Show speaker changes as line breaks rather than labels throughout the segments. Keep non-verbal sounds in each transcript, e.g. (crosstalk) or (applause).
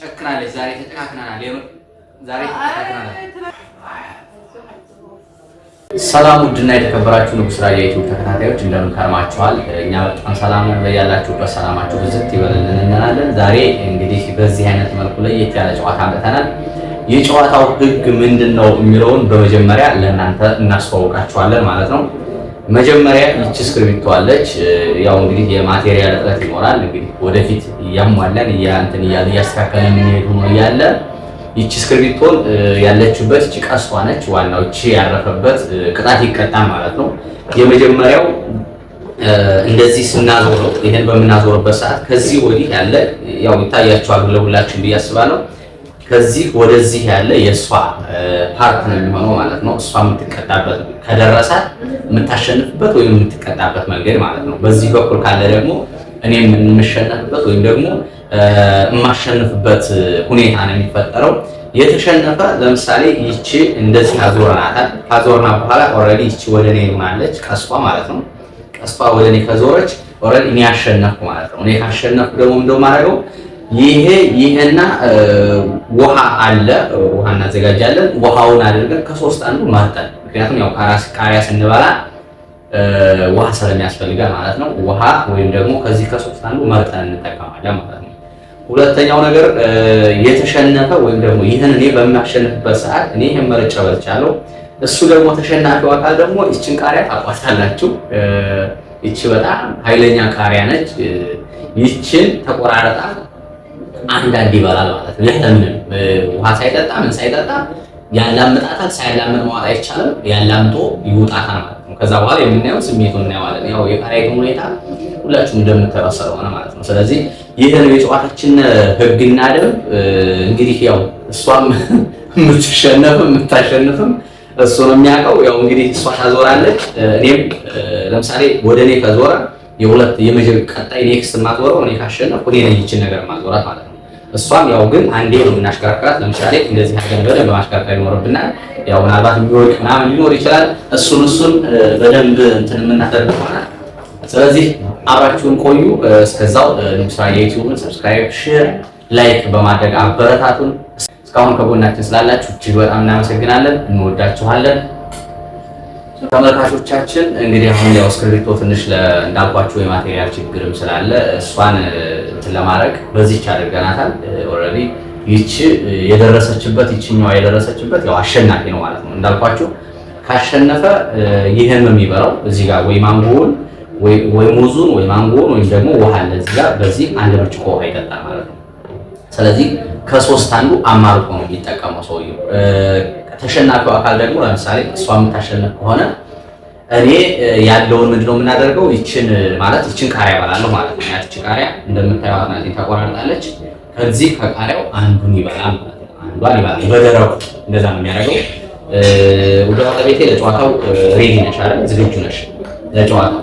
ጨክናለች። ዛሬ ተጨካክናናል። ዛሬ ተጨካክናናል። ሰላም ውድና የተከበራችሁ ንጉስ ራዲዮ ዩቲዩብ ተከታታዮች እንደምን ከርማችኋል? እኛ በጣም ሰላም በያላችሁበት ሰላማችሁ ብዝት ይበልልን እንላለን። ዛሬ እንግዲህ በዚህ አይነት መልኩ ለየት ያለ ጨዋታ አምጥተናል። የጨዋታው ህግ ምንድን ነው የሚለውን በመጀመሪያ ለእናንተ እናስተዋውቃችኋለን ማለት ነው። መጀመሪያ ይቺ እስክሪብቶ አለች። ያው እንግዲህ የማቴሪያል እጥረት ይኖራል። እንግዲህ ወደፊት እያሟለን እንትን እያለ እያስተካከለን የሚሄዱ ነው እያለ ይቺ እስክሪብቶን ያለችበት እቺ ቀስቷ ነች። ዋናው እቺ ያረፈበት ቅጣት ይቀጣል ማለት ነው። የመጀመሪያው እንደዚህ ስናዞረው ይህን በምናዞርበት ሰዓት ከዚህ ወዲህ ያለ ያው ይታያቸዋል ለሁላችን ብዬ አስባለሁ ከዚህ ወደዚህ ያለ የእሷ ፓርት ነው የሚሆነው ማለት ነው። እሷ የምትቀጣበት ከደረሳት የምታሸንፍበት ወይም የምትቀጣበት መንገድ ማለት ነው። በዚህ በኩል ካለ ደግሞ እኔ የምሸነፍበት ወይም ደግሞ የማሸንፍበት ሁኔታ ነው የሚፈጠረው። የተሸነፈ ለምሳሌ ይቺ እንደዚህ ታዞርናታል። ታዞርና በኋላ ኦልሬዲ ይቺ ወደ እኔ ሆናለች፣ ቀስቷ ማለት ነው። ቀስቷ ወደ እኔ ከዞረች ኦልሬዲ እኔ ያሸነፍኩ ማለት ነው። እኔ ካሸነፍኩ ደግሞ እንደው ማድረገው ይሄ ይሄና ውሃ አለ። ውሃ እናዘጋጃለን። ውሃውን አድርገን ከሶስት አንዱ መርጠን ምክንያቱም ያው ቃሪያ ስንበላ ውሃ ስለሚያስፈልገን ማለት ነው። ውሃ ወይም ደግሞ ከዚህ ከሶስት አንዱ መርጠን እንጠቀማለን ማለት ነው። ሁለተኛው ነገር የተሸነፈ ወይም ደግሞ ይህን እኔ በሚያሸንፍበት ሰዓት እኔ ይህን መርጬ በልቻለሁ። እሱ ደግሞ ተሸናፊው አካል ደግሞ ይችን ቃሪያ ታቋታላችሁ። ይቺ በጣም ኃይለኛ ቃሪያ ነች። ይችን ተቆራረጣ አንዳንድ ይበላል ማለት ነው። ያለምንም ውሃ ሳይጠጣ ምን ሳይጠጣ ያላምጣታል። ሳያላምጥ ማዋጥ አይቻልም። ያላምጦ ይውጣታል ማለት ነው። ከዛ በኋላ የምናየው ስሜቱን እናየዋለን። ያው የቀራይቱ ሁኔታ ሁላችሁም እንደምትረሰሩ ሆነ ማለት ነው። ስለዚህ ይህ ነው የጨዋታችን ህግና ደንብ። እንግዲህ ያው እሷም (laughs) የምትሸነፍም የምታሸንፍም እሱ ነው የሚያውቀው። ያው እንግዲህ እሷ ታዞራለች። እኔም ለምሳሌ ወደ እኔ ከዞረ የሁለት የመጀመሪያ ቀጣይ ኔክስት የማዞረው እኔ ካሸነፍኩ እኔ ነኝ ይችን ነገር ማዞራት ማለት ነው። እሷም ያው ግን አንዴ ነው የምናሽከረክራት። ለምሳሌ እንደዚህ አድርገን በደንብ ማሽከርከር ይኖርብናል። ያው ምናልባት የሚወድቅ ምናምን ሊኖር ይችላል። እሱን እሱን በደንብ እንትን የምናደርግ ይሆናል። ስለዚህ አብራችሁን ቆዩ። እስከዛው ንጉሥራ የዩቲዩብን ሰብስክራይብ፣ ሼር፣ ላይክ በማድረግ አበረታቱን። እስካሁን ከጎናችን ስላላችሁ እጅግ በጣም እናመሰግናለን። እንወዳችኋለን። ተመልካቾቻችን እንግዲህ አሁን ያው እስክሪብቶ ትንሽ እንዳልኳቸው የማቴሪያል ችግርም ስላለ እሷን እንትን ለማድረግ በዚች አድርገናታል። ኦልሬዲ ይቺ የደረሰችበት ይችኛዋ የደረሰችበት ያው አሸናፊ ነው ማለት ነው። እንዳልኳችሁ ካሸነፈ ይህን የሚበላው እዚህ ጋር ወይ ማንጎውን ወይ ሙዙን ወይ ማንጎውን ወይም ደግሞ ውሃ እዚህ ጋር በዚህ አንድ ብርጭቆ ውሃ ይጠጣል ማለት ነው። ስለዚህ ከሶስት አንዱ አማርቆ ነው የሚጠቀመው ሰውየው። ተሸናፊው አካል ደግሞ ለምሳሌ እሷ የምታሸንፍ ከሆነ እኔ ያለውን ነው የምናደርገው? ይችን ማለት ይችን ቃሪያ እበላለሁ ማለት ነው። ያቺ ቃሪያ እንደምታዩት ናት፣ ተቆራርጣለች። ከዚህ ከቃሪያው አንዱን ይበላል ማለት ነው። አንዷን ይበላል በደረቁ። እንደዛ ነው የሚያደርገው። ወደ ባለቤቴ ለጨዋታው ሬዲ ነሽ አይደል? ዝግጁ ነሽ ለጨዋታው?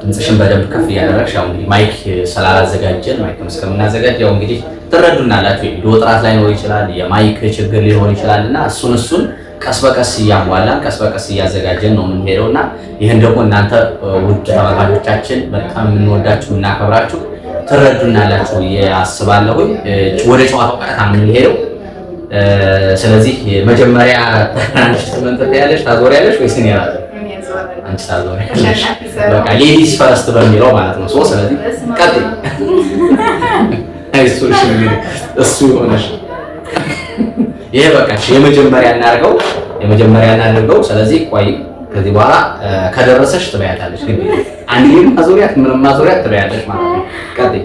ድምፅሽን በደንብ ከፍ እያደረግሽ ያው እንግዲህ ማይክ ስላላዘጋጀን ማይክ እስከምናዘጋጅ ያው እንግዲህ ትረዱናላችሁ። የቪዲዮ ጥራት ላይኖር ይችላል፣ የማይክ ችግር ሊሆን ይችላል እና እሱን እሱን ቀስ በቀስ እያሟላን ቀስ በቀስ እያዘጋጀን ነው የምንሄደው እና ይህን ደግሞ እናንተ ውድ ተመልካቾቻችን በጣም የምንወዳችሁ እናከብራችሁ ትረዱናላችሁ አስባለሁ። ወደ ጨዋታው ቀጥታ የምንሄደው ስለዚህ መጀመሪያ ታናንሽ ትመንጠጥ ያለሽ ታዞር ያለሽ ወይስ እኔ እራሱ አንቺ ታዞር ያለሽ በቃ ሌዲስ ፈርስት በሚለው ማለት ነው። ስለዚህ ቀጥ አይዞሽ እሱ ይሆነሽ። ይሄ በቃሽ። የመጀመሪያ እናድርገው፣ የመጀመሪያ እናድርገው። ስለዚህ ቆይ ከዚህ በኋላ ከደረሰሽ ትበያታለሽ። ግን አንዴ ማዞሪያት ምንም ማዞሪያት ትበያለሽ ማለት ነው። ቀጥይ።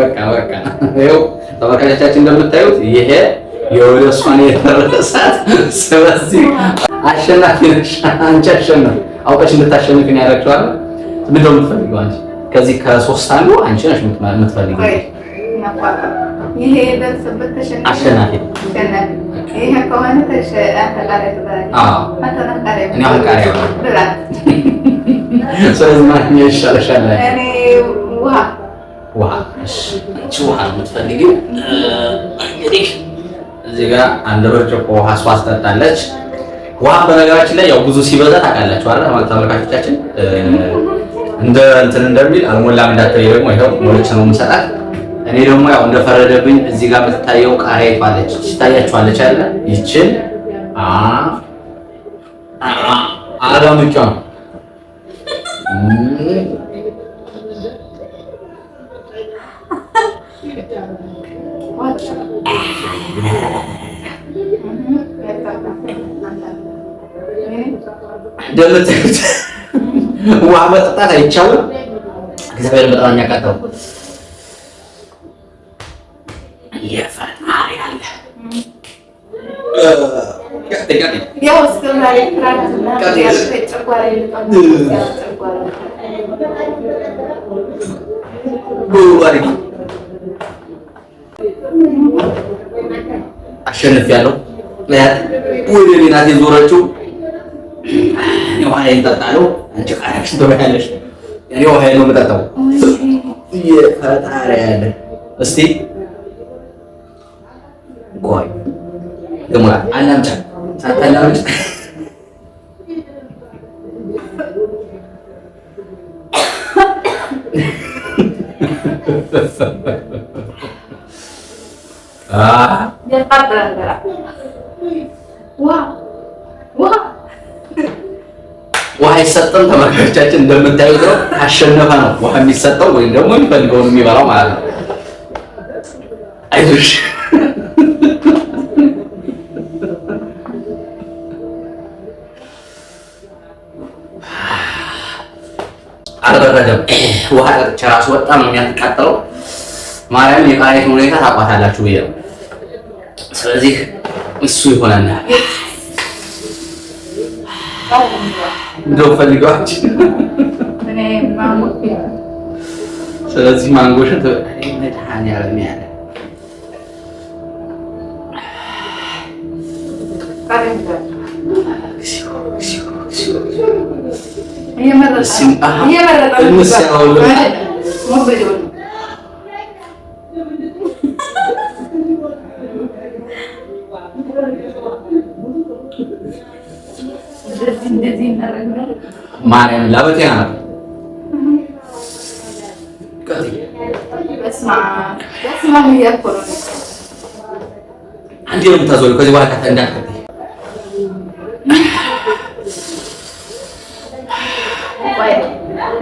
በቃ በቃ ይኸው ተመልካቾቻችን እንደምታዩት ይሄ የወደሷን እሷን የደረሳት። ስለዚህ አሸናፊ ነሽ አንቺ። አሸናፊ አውቀሽ እንድታሸንፍ ነው ያደረግሽዋል። ምንድን ነው የምትፈልጊው አንቺ? ከዚህ ከሶስት አንዱ አንቺ ነሽ የምትፈልጊው። አሸናፊ እኔ አሁን ቃሪያ ስለዚህ ማንኛው ይሻለሻል? ውሃ ውሃ ውሃ የምትፈልጊው እንግዲህ እዚህ ጋር አንድ ብርጭቆ ውሃ እሷ አስጠጣለች። ውሃ በነገራችን ላይ ያው ብዙ ሲበዛ ታውቃላችሁ አይደል? ማለት ተመልካቾቻችን እንደ እንትን እንደሚል አልሞላም እንዳትለኝ ደግሞ ይኸው ሞልቼ ነው የምሰጣት። እኔ ደግሞ ያው እንደፈረደብኝ እዚህ ጋር የምትታየው ቃሪያ ይባለች ትታያችኋለች አይደለ? ይችን አ አ እንደምታዩት ውሃ መጠጣት አይቻልም። እግዚአብሔር በጣም ያቃተው የፈርማሪ አለ አሸንፍ ያለው ወደ ሌላ ዞረችው። ውሃዬን ጠጣለሁ። አንቺ ቃሪያሽን ነው የምጠጣው። ፈጣሪ
ዋ ዋ
ውሃ አይሰጥም። ተመልካቾቻችን እንደምታዩት ነው። አሸነፈ ነው ውሃ የሚሰጠው ወይም ደግሞ የሚፈልገውን የሚበላው ማለት ነው። አይዞሽ አልበረደም። ውሃ ጠጥቼ እራሱ ወጣ ነው የሚያቃጥለው። ማርያም የቃሪት ሁኔታ ታቋታላችሁ ብዬ ነው። ስለዚህ እሱ ይሆነናል። እንደው ፈልገዋች። ስለዚህ ማንጎሽን መድኃኒዓለም ያለ እየመረጠ ማርያም ላበጤ ናት። አንዴ ነው የምታዞሪው። ከዚህ በኋላ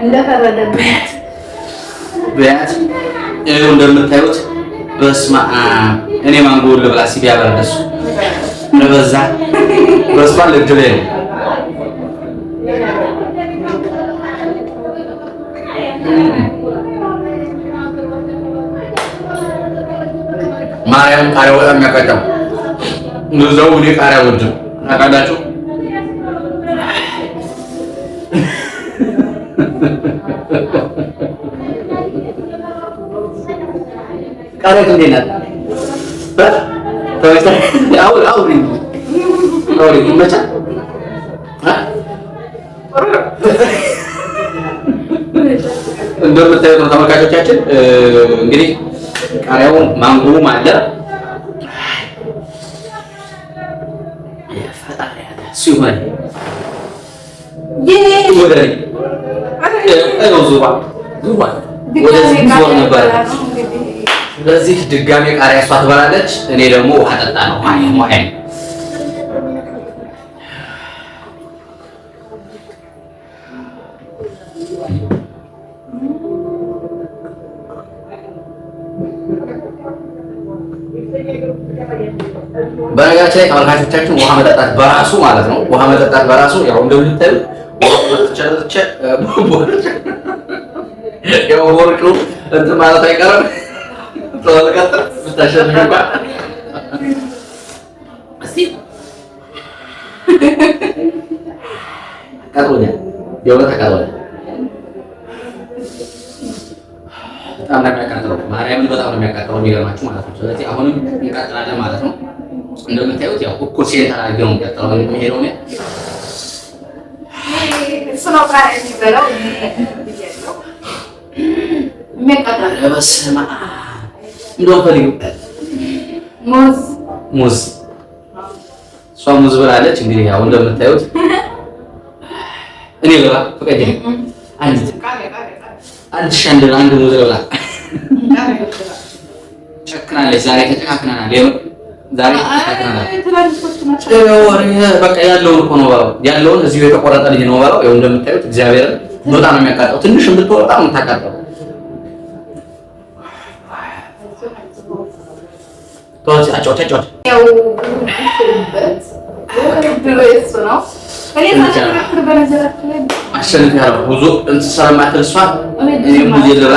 እንዳትቀጥይ።
ቢያንስ ይኸው እንደምታዩት በስመ አብ እኔ ማንጎ ልብላ ሲቢያ በረደሱ ለበዛ ነው ማርያም ቃሪያ ወጣ ያቀጫው እዛው እኔ ቃሪያ ወድ አቃዳችሁ ቃሪያቱ እንዴት ናት? አውሪ አውሪ አውሪ ይመቻል። እንደምታዩት ነው ተመልካቾቻችን። እንግዲህ ቃሪያው ማንጎውም አለ። ሲሆን ስለዚህ ድጋሜ ቃሪያ እሷ ትበላለች፣ እኔ ደግሞ ውሃ ጠጣ ነው በነገራችን ላይ ተመልካቾቻችን ውሃ መጠጣት በራሱ ማለት ነው። ውሃ መጠጣት በራሱ ያው እንደምታዩ ወርቅ እንትን ማለት አይቀርም። በጣም ነው የሚያቃጥለው፣ ማርያምን በጣም ነው የሚያቃጥለው። የሚገርማችሁ ማለት ነው። ስለዚህ አሁንም እንቀጥላለን ማለት ነው። እንደምታዩት ያው እኮ ሴንተር አድርገው ነው። በስመ አብ እንደው ሙዝ እሷ ሙዝ ብላለች። እንግዲህ ያው እንደምታዩት እኔ ልብላ ፈቀድ አንድ አንድ አንድ ሙዝ ልብላ ጨክናለች። ዛሬ ተጨካክናናል። ዛሬ በቃ ያለውን እኮ ነው ያለውን እዚሁ የተቆረጠ ልጅ ነው ባለው። ይኸው እንደምታዩት እግዚአብሔርን በጣም ነው የሚያቃጠው። ትንሽ ብትሆን ነው የምታቃጠው። አሸንፍ ያለው ብዙ እንትን ስለማትል እሷ ብዙ ልብላ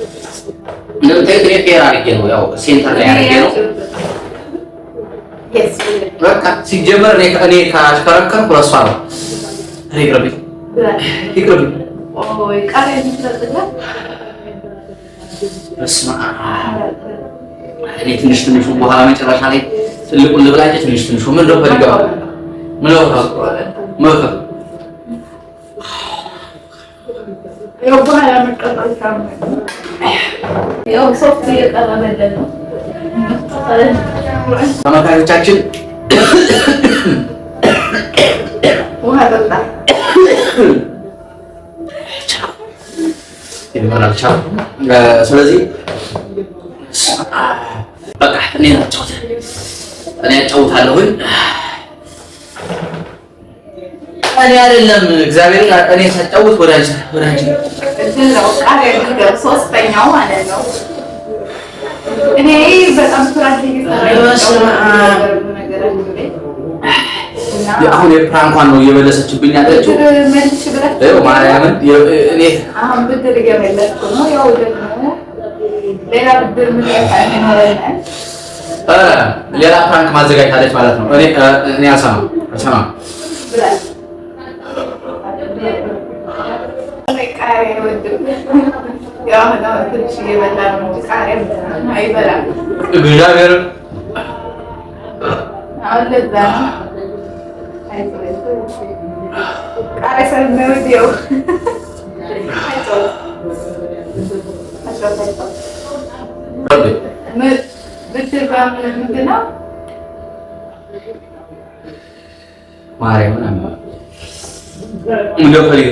እንደምታዩት እኔ ፌር አድርጌ ነው ያው ሴንተር ላይ አድርጌ ነው። ሲጀመር እኔ ካሽከረከርኩ ረሷ ነው። እኔ ይቅርብኝ ይቅርብኝ። እኔ ትንሽ ትንሹ በኋላ መጨረሻ ላይ ትልቁን ልብላጭ ትንሽ ትንሹ ምን ነው ፈልገው ምን ነው መከር
ያው በኋላ መቀጣጫ ያው ሶፍት እየቀረበልን ነው።
ተመልካቾቻችን ይመራልቻ ስለዚህ በቃ እኔ ናቸው እኔ ያጫውታለሁኝ። እኔ አይደለም እግዚአብሔር እኔ ሳጫውት ወዳጅ ወዳጅ
ሶስተኛው ማለት ነው። እኔ በጣም
አሁን የፕራንኳን ነው እየመለሰችብኝ ያለችው። ማርያምን እኔ
አሁን ነው። ያው ደግሞ ሌላ ብድር ምን ይኖረናል?
ሌላ ፕራንክ ማዘጋጅታለች ማለት ነው። እኔ እኔ አልሰማም አልሰማም
కారం వద్దు యోహన వద్దు జీవన కారం అయిపోరా బిడా గారు అవునుద్దా అరే సార్ మేము దేవు
మారేమో నమ్మ ముందు కలిగి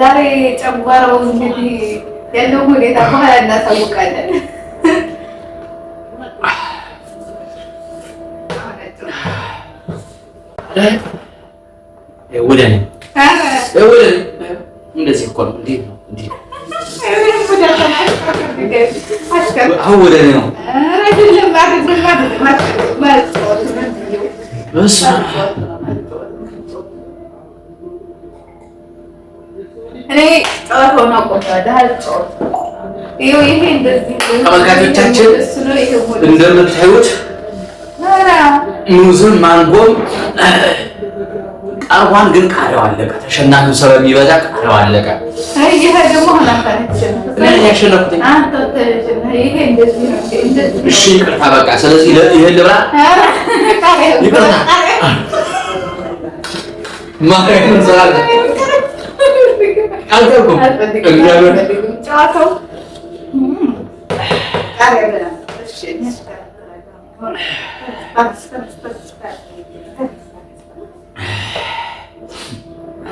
ዛሬ ጨጓራው እንግዲህ ያለው ሁኔታ በኋላ እናሳውቃለን።
እንደዚህ ነው።
እኔ ጨዋታ ሆኖ ተመልካቾቻችን
እንደምታዩት ሙዝም ማንጎም ቀርቧን ግን ቃሪያው አለቀ። ተሸናፊው ስለሚበዛ ቃሪያው አለቀ። እሺ ይቅርታ፣ በቃ ስለዚህ ይሄን ልብላ። ይቅርታ አልጠብኩም።
ጨዋታው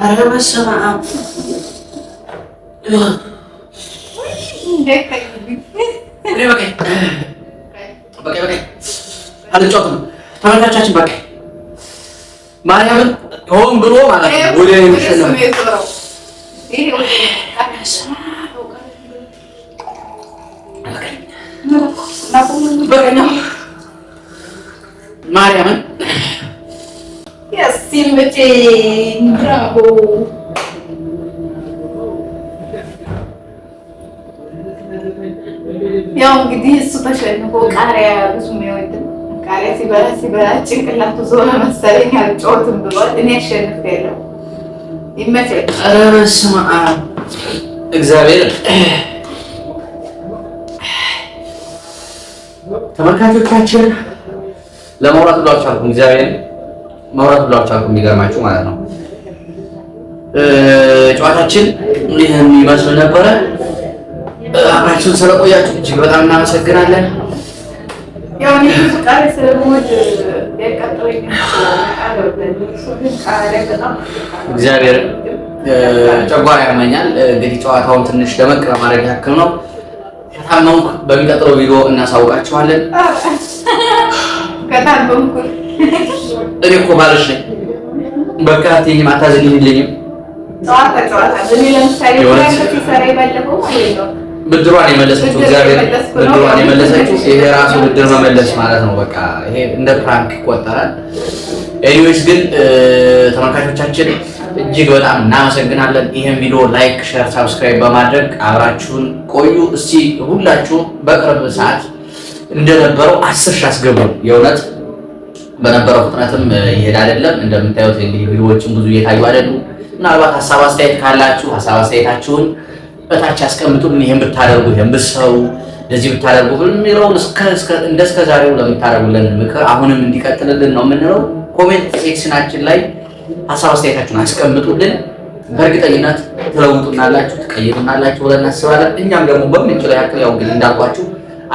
ኧረ በስመ አብ
አልጫወትም። ተመልካቻችን በቃ ማርያምን ሆን ብሎ ማለት ነው ወደ
ማርያምን ያው እንግዲህ እሱ ተሸንፎ ቃሪያ ብዙም አይወድም። ቃሪያ ሲበላ ሲበላ ጭንቅላቱ ዞረ መሰለኝ አልጫወትም ብሏል። እኔ አሸንፌያለሁ።
በስመ አብ እግዚአብሔር። ተመልካቾቻችን ለማውራት ብለው አልቻልኩም። እግዚአብሔር ማውራት ብለው አልቻልኩም። የሚገርማችሁ ማለት ነው ጨዋታችን ይህን ይመስል ነበረ። አብራችሁን ስለቆያችሁ እጅግ በጣም እናመሰግናለን። እግዚአብሔር ጨጓራ ያመኛል። እንግዲህ ጨዋታውን ትንሽ ለመቅ ለማድረግ ያክል ነው። ከታመምኩ በሚቀጥለው ቪዲዮ እናሳውቃችኋለን። እኔ እኮ ባለሽ ነኝ። በቃ አትይኝም፣ አታዝኝልኝም ብድሯን የመለሰችው እግዚአብሔር ብድሯን የመለሰችው ይሄ ራሱ ብድር መመለስ ማለት ነው። በቃ ይሄ እንደ ፕራንክ ይቆጠራል። ኤኒዌይስ ግን ተመልካቾቻችን እጅግ በጣም እናመሰግናለን። ይህም ቪዲዮ ላይክ፣ ሸር፣ ሳብስክራይብ በማድረግ አብራችሁን ቆዩ። እስቲ ሁላችሁም በቅርብ ሰዓት እንደነበረው አስር ሺህ አስገቡ። የእውነት በነበረው ፍጥነትም ይሄድ አይደለም። እንደምታዩት እንግዲህ ቪዲዮዎችም ብዙ እየታዩ አይደሉ። ምናልባት ሀሳብ አስተያየት ካላችሁ ሀሳብ አስተያየታችሁን በታች ያስቀምጡ። ምን ይሄን ብታደርጉ ይሄን ብሰው እንደዚህ ብታደርጉ የሚለውን እንደ እስከ ዛሬው ለምታደርጉልን ምክር አሁንም እንዲቀጥልልን ነው የምንለው። ኮሜንት ሴክሽናችን ላይ ሀሳብ አስተያየታችሁን አስቀምጡልን። በእርግጠኝነት ትለውጡናላችሁ፣ ትቀይሩናላችሁ ብለን እናስባለን። እኛም ደግሞ በምንችለው ያክል ያው ግን እንዳልኳችሁ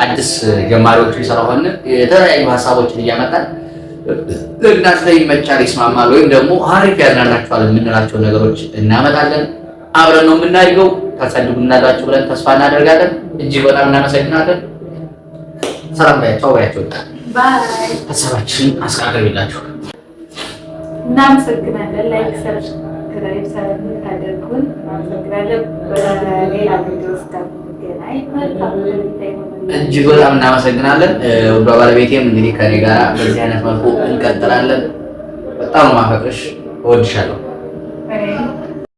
አዲስ ጀማሪዎቹ ስለሆን የተለያዩ ሀሳቦችን እያመጣን ለእናንተ ይመቻል፣ ይስማማል፣ ወይም ደግሞ አሪፍ ያዝናናችኋል የምንላቸው ነገሮች እናመጣለን። አብረን ነው የምናድገው። ታሳድጉናላችሁ ብለን ተስፋ እናደርጋለን። እጅግ በጣም እናመሰግናለን። ሰላም ባያቸው ባያቸው ሀሳባችን አስቃቅርብላችሁ
እናመሰግናለን። ላይክ ሰርች ክራይብ ስለምታደርጉን እናመሰግናለን። በሌላ ቪዲዮ እስከምንገናኝ
እጅግ በጣም እናመሰግናለን። ውዷ ባለቤቴም እንግዲህ ከኔ ጋር በዚህ አይነት መልኩ እንቀጥላለን። በጣም ማፈቅርሽ እወድሻለሁ።